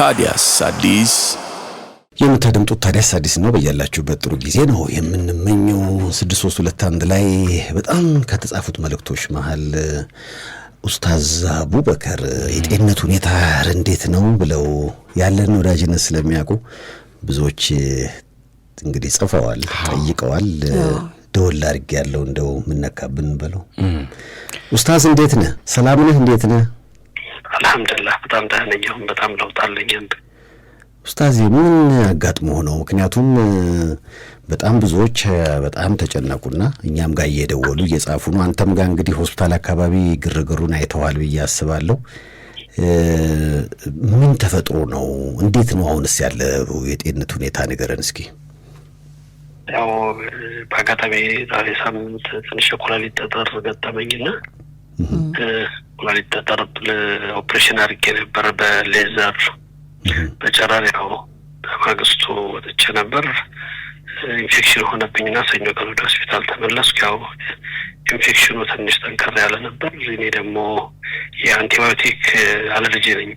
ታዲያስ አዲስ የምታደምጡት ታዲያስ አዲስ ነው። በያላችሁበት ጥሩ ጊዜ ነው የምንመኘው። ስድስት ሁለት ላይ በጣም ከተጻፉት መልእክቶች መሀል ኡስታዝ አቡበከር የጤንነት ሁኔታ እንዴት ነው ብለው ያለን ወዳጅነት ስለሚያውቁ ብዙዎች እንግዲህ ጽፈዋል፣ ጠይቀዋል። ደወል አድርግ ያለው እንደው ምነካብን በለው ኡስታዝ እንዴት ነህ? ሰላም ነህ? እንዴት ነህ? አልሐምዱላ በጣም ደህና ነኝ። አሁን በጣም ለውጥ አለኝ። አንተ ምን አጋጥሞ ነው? ምክንያቱም በጣም ብዙዎች በጣም ተጨነቁና እኛም ጋር እየደወሉ እየጻፉ ነው። አንተም ጋር እንግዲህ ሆስፒታል አካባቢ ግርግሩን አይተዋል ብዬ አስባለሁ። ምን ተፈጥሮ ነው? እንዴት ነው አሁንስ ያለ የጤንነት ሁኔታ ንገረን እስኪ። ያው በአጋጣሚ ዛሬ ሳምንት ትንሽ የኩላሊት ጠጠር ገጠመኝና ኩላሊት ኦፕሬሽን አድርጌ ነበር በሌዘር በጨረር ያው በማግስቱ ወጥቼ ነበር። ኢንፌክሽን ሆነብኝ ና ሰኞ ቀን ወደ ሆስፒታል ተመለስኩ። ያው ኢንፌክሽኑ ትንሽ ጠንከር ያለ ነበር። እኔ ደግሞ የአንቲባዮቲክ አለርጂ ነኝ።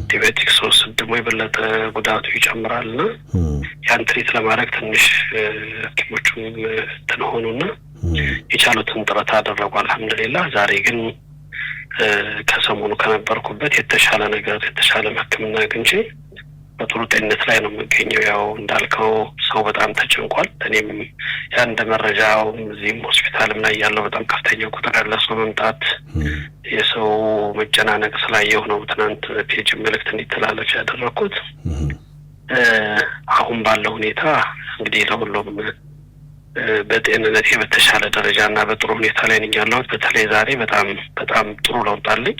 አንቲባዮቲክ ስወስድ ደግሞ የበለጠ ጉዳቱ ይጨምራል ና ያን ትሪት ለማድረግ ትንሽ ሐኪሞቹም ትንሆኑ ና የቻሉትን ጥረት አደረጉ። አልሐምድሌላ ዛሬ ግን ከሰሞኑ ከነበርኩበት የተሻለ ነገር የተሻለ ሕክምና አግኝቼ በጥሩ ጤንነት ላይ ነው የምገኘው። ያው እንዳልከው ሰው በጣም ተጨንቋል። እኔም ያ እንደ መረጃው እዚህም ሆስፒታልም ላይ ያለው በጣም ከፍተኛ ቁጥር ያለ ሰው መምጣት የሰው መጨናነቅ ስላየሁ ነው ትናንት ፔጅ መልእክት እንዲተላለፍ ያደረግኩት። አሁን ባለው ሁኔታ እንግዲህ ለሁሉም በጤንነቴ በተሻለ ደረጃ እና በጥሩ ሁኔታ ላይ ነኝ ያለሁት። በተለይ ዛሬ በጣም በጣም ጥሩ ለውጥ አለኝ።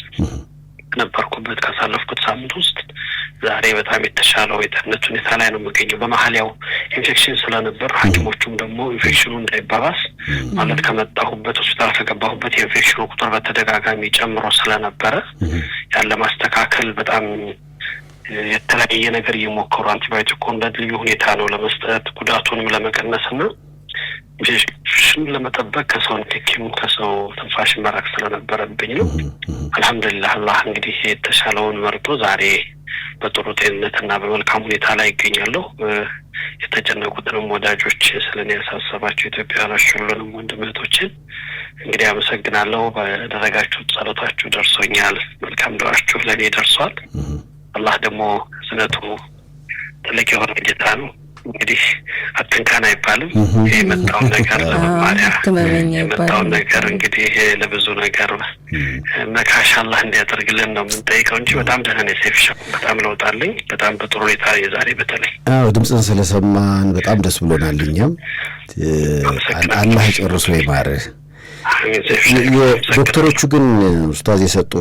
ነበርኩበት ካሳለፍኩት ሳምንት ውስጥ ዛሬ በጣም የተሻለው የጤንነት ሁኔታ ላይ ነው የምገኘው። በመሀል ያው ኢንፌክሽን ስለነበር ሐኪሞቹም ደግሞ ኢንፌክሽኑ እንዳይባባስ ማለት ከመጣሁበት ሆስፒታል ከገባሁበት የኢንፌክሽኑ ቁጥር በተደጋጋሚ ጨምሮ ስለነበረ ያለ ማስተካከል በጣም የተለያየ ነገር እየሞከሩ አንቲባዮቲኮን በልዩ ሁኔታ ነው ለመስጠት ጉዳቱንም ለመቀነስ ሽም ለመጠበቅ ከሰው ንክኪም ከሰው ትንፋሽ መራቅ ስለነበረብኝ ነው። አልሐምዱሊላህ አላህ እንግዲህ የተሻለውን መርጦ ዛሬ በጥሩ ጤንነት እና በመልካም ሁኔታ ላይ ይገኛለሁ። የተጨነቁትንም ወዳጆች ስለኔ ያሳሰባቸው ኢትዮጵያውያኖች ሁሉንም ወንድም እህቶችን እንግዲህ አመሰግናለሁ። በደረጋችሁ ጸሎታችሁ ደርሶኛል። መልካም ዱዓችሁ ለእኔ ደርሷል። አላህ ደግሞ ስነቱ ትልቅ የሆነ ጌታ ነው። እንግዲህ አትንካን አይባልም። የመጣውን ነገር ለመማሪያ የመጣውን ነገር እንግዲህ ለብዙ ነገር መካሻ አላህ እንዲያደርግልን ነው የምንጠይቀው እንጂ በጣም ደህና ነው። ሴፍሻ በጣም ለውጥ በጣም በጥሩ ሁኔታ የዛሬ በተለይ አዎ፣ ድምፅን ስለሰማን በጣም ደስ ብሎናል። እኛም አላህ ጨርሶ ይማርህ። ዶክተሮቹ ግን ኡስታዝ የሰጡ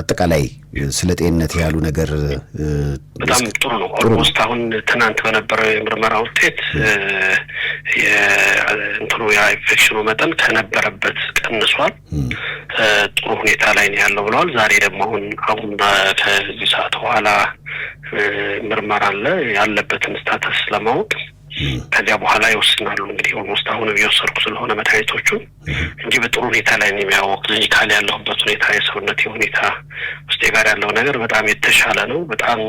አጠቃላይ ስለ ጤንነት ያሉ ነገር በጣም ጥሩ ነው። ኦልሞስት አሁን ትናንት በነበረው የምርመራ ውጤት እንትኑ የኢንፌክሽኑ መጠን ከነበረበት ቀንሷል፣ ጥሩ ሁኔታ ላይ ነው ያለው ብለዋል። ዛሬ ደግሞ አሁን አሁን ከዚህ ሰዓት በኋላ ምርመራ አለ ያለበትን ስታተስ ለማወቅ ከዚያ በኋላ ይወስናሉ። እንግዲህ ኦልሞስት አሁን እየወሰድኩ ስለሆነ መድኃኒቶቹን እንጂ በጥሩ ሁኔታ ላይ የሚያወቅ ክሊኒካል ያለሁበት ሁኔታ፣ የሰውነት ሁኔታ፣ ውስጤ ጋር ያለው ነገር በጣም የተሻለ ነው። በጣም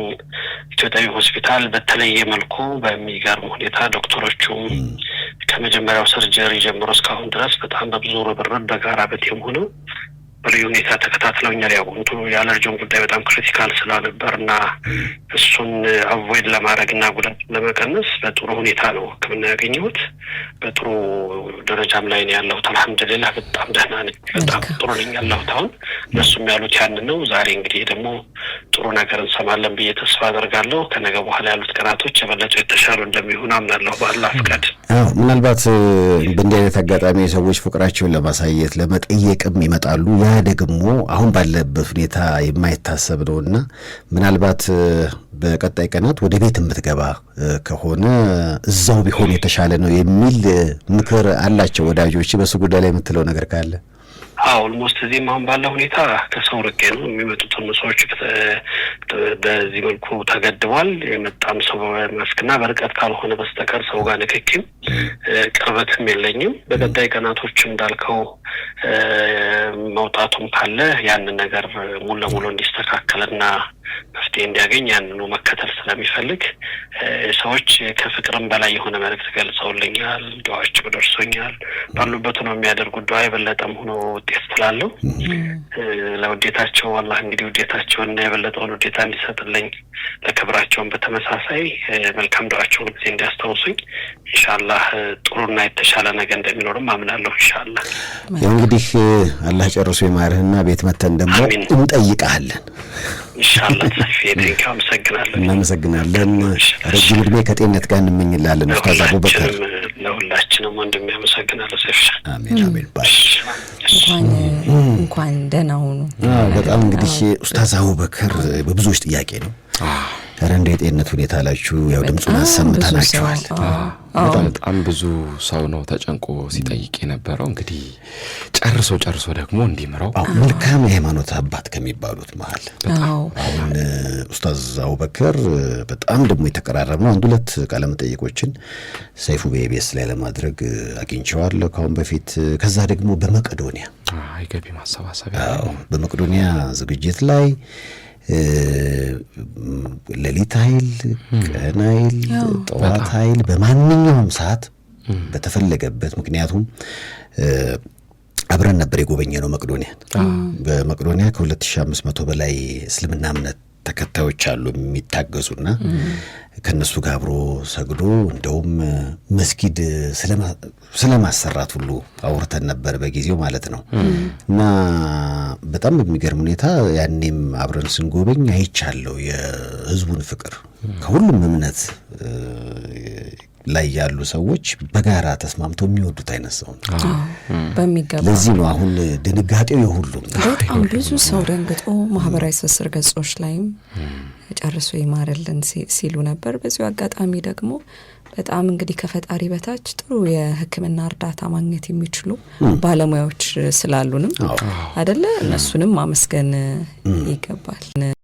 ኢትዮጵያዊ ሆስፒታል በተለየ መልኩ በሚገርም ሁኔታ ዶክተሮቹም ከመጀመሪያው ሰርጀሪ ጀምሮ እስካሁን ድረስ በጣም በብዙ ርብርብ በጋራ በቴም ሆነው በልዩ ሁኔታ ተከታትለውኛል። ያው እንትኑ የአለርጂውን ጉዳይ በጣም ክሪቲካል ስለነበር እና እሱን አቮይድ ለማድረግ እና ጉዳት ለመቀነስ በጥሩ ሁኔታ ነው ሕክምና ያገኘሁት። በጥሩ ደረጃም ላይ ነው ያለሁት። አልሐምዱሊላህ በጣም ደህና ነኝ። በጣም ጥሩ ነኝ ያለሁት አሁን። እነሱም ያሉት ያንን ነው። ዛሬ እንግዲህ ደግሞ ጥሩ ነገር እንሰማለን ብዬ ተስፋ አደርጋለሁ። ከነገ በኋላ ያሉት ቀናቶች የበለጡ የተሻሉ እንደሚሆን አምናለሁ በአላህ ፍቃድ። ምናልባት በእንዲህ አይነት አጋጣሚ ሰዎች ፍቅራቸውን ለማሳየት ለመጠየቅም ይመጣሉ ያ ደግሞ አሁን ባለበት ሁኔታ የማይታሰብ ነውና ምናልባት በቀጣይ ቀናት ወደ ቤት የምትገባ ከሆነ እዛው ቢሆን የተሻለ ነው የሚል ምክር አላቸው ወዳጆች። በሱ ጉዳይ ላይ የምትለው ነገር ካለ? አዎ ኦልሞስት እዚህም አሁን ባለ ሁኔታ ከሰው ርቄ ነው የሚመጡትን ሰዎች በዚህ መልኩ ተገድቧል። የመጣም ሰው በማስክና በርቀት ካልሆነ በስተቀር ሰው ጋር ንክኪም ቅርበትም የለኝም። በቀጣይ ቀናቶች እንዳልከው መውጣቱም ካለ ያንን ነገር ሙሉ ለሙሉ እንዲስተካከልና መፍትሄ እንዲያገኝ ያንኑ መከተል ስለሚፈልግ ሰዎች ከፍቅርም በላይ የሆነ መልእክት ገልጸውልኛል። ዱዓቸው ደርሶኛል። ባሉበት ነው የሚያደርጉት። ድዋ የበለጠም ሆኖ ውጤት ስላለው ለውዴታቸው አላህ እንግዲህ ውዴታቸውን እና የበለጠውን ውዴታ እንዲሰጥልኝ ለክብራቸውን በተመሳሳይ መልካም ድዋቸውን ጊዜ እንዲያስታውሱኝ ኢንሻላህ ጥሩና የተሻለ ነገር እንደሚኖርም አምናለሁ። ኢንሻላህ እንግዲህ አላህ ጨርሶ የማርህና ቤት መተን ደግሞ እንጠይቃለን። ኢንሻላህ እናመሰግናለን። ረጅም እድሜ ከጤንነት ጋር እንመኝላለን። ኡስታዝ አቡበከር ለሁላችንም ወንድሜ አመሰግናለሁ። አሜን አሜን ባይ እንኳን ደህና ሁኑ። በጣም እንግዲህ ኡስታዝ አቡበከር በብዙዎች ጥያቄ ነው ኧረ እንደ የጤንነት ሁኔታ ላችሁ ያው ድምፁ አሰምተናችኋል። በጣም ብዙ ሰው ነው ተጨንቆ ሲጠይቅ የነበረው። እንግዲህ ጨርሶ ጨርሶ ደግሞ እንዲምረው መልካም የሃይማኖት አባት ከሚባሉት መሀል አሁን ኡስታዝ አቡበከር በጣም ደግሞ የተቀራረብ ነው። አንድ ሁለት ቃለመጠይቆችን ሰይፉ በኢቢኤስ ላይ ለማድረግ አግኝቸዋል ከአሁን በፊት። ከዛ ደግሞ በመቄዶንያ የገቢ ማሰባሰቢያ በመቄዶንያ ዝግጅት ላይ ሌሊት ኃይል፣ ቀን ኃይል፣ ጠዋት ኃይል በማንኛውም ሰዓት በተፈለገበት ምክንያቱም አብረን ነበር የጎበኘ ነው መቅዶኒያን። በመቅዶኒያ ከ2500 በላይ እስልምና እምነት ተከታዮች አሉ የሚታገዙና ከእነሱ ጋር አብሮ ሰግዶ እንደውም መስጊድ ስለማሰራት ሁሉ አውርተን ነበር በጊዜው ማለት ነው። እና በጣም በሚገርም ሁኔታ ያኔም አብረን ስንጎበኝ አይቻለሁ የህዝቡን ፍቅር ከሁሉም እምነት ላይ ያሉ ሰዎች በጋራ ተስማምቶ የሚወዱት አይነት ሰው ነው በሚገባ። ለዚህ ነው አሁን ድንጋጤው የሁሉም በጣም ብዙ ሰው ደንግጦ ማህበራዊ ትስስር ገጾች ላይም ጨርሶ ይማርልን ሲሉ ነበር። በዚሁ አጋጣሚ ደግሞ በጣም እንግዲህ ከፈጣሪ በታች ጥሩ የሕክምና እርዳታ ማግኘት የሚችሉ ባለሙያዎች ስላሉንም አደለ እነሱንም ማመስገን ይገባል።